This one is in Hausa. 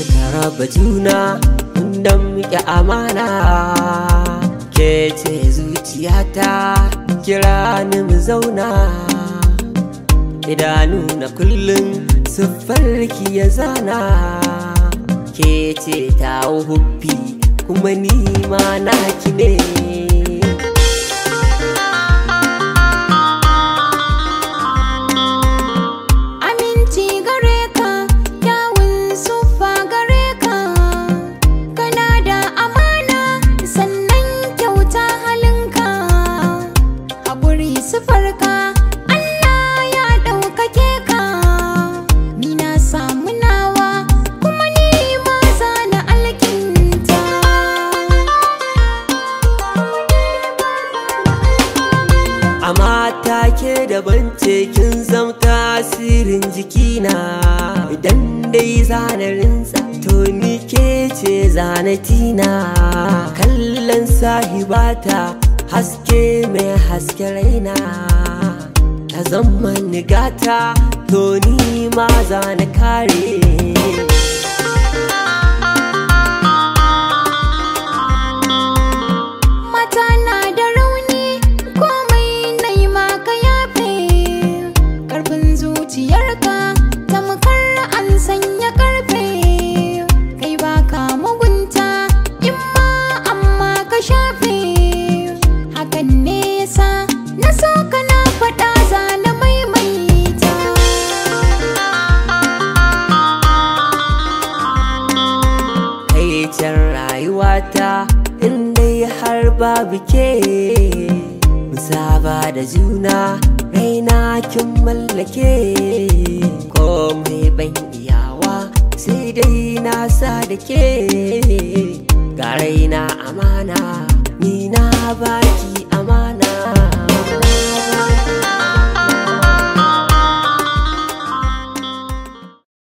ta raba juna dan muke amana ke ce zuciyata kira ni mu zauna idanu na kullum siffarki ya zana ke ce ta huffi kuma ni ma naki ne daban ce kin zam tasirin jikina idan dai zanarin to ni ke ce zanatina kallon sahibata haske mai haske raina ta zama nigata to ni ma zana kare babu ke musaba da juna raina kin mallake komai ban iyawa sai dai na sa da ke ga raina amana ni na bani